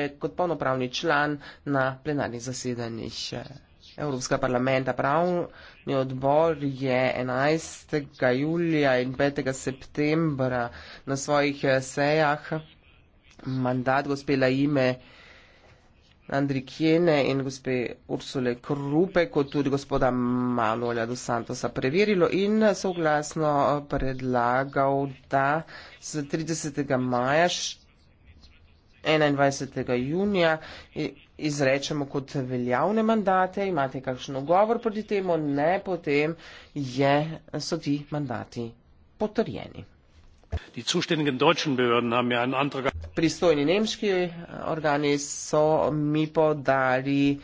Eh, kot polnopravni član na plenarnih zasedanjih. Eh, Evropska parlamenta pravni odbor je 11. julija in 5. septembra na svojih eh, sejah mandat gospela ime Andri Kjene in gospe Ursule Krupe, kot tudi gospoda Manuela do Santosa preverilo in soglasno predlagal, da z 30. maja 21. junija izrečemo kot veljavne mandate, imate kakšen ogovor proti temu, ne, potem je, so ti mandati potrjeni. Ja Pristojni nemški eh, organi so mi podali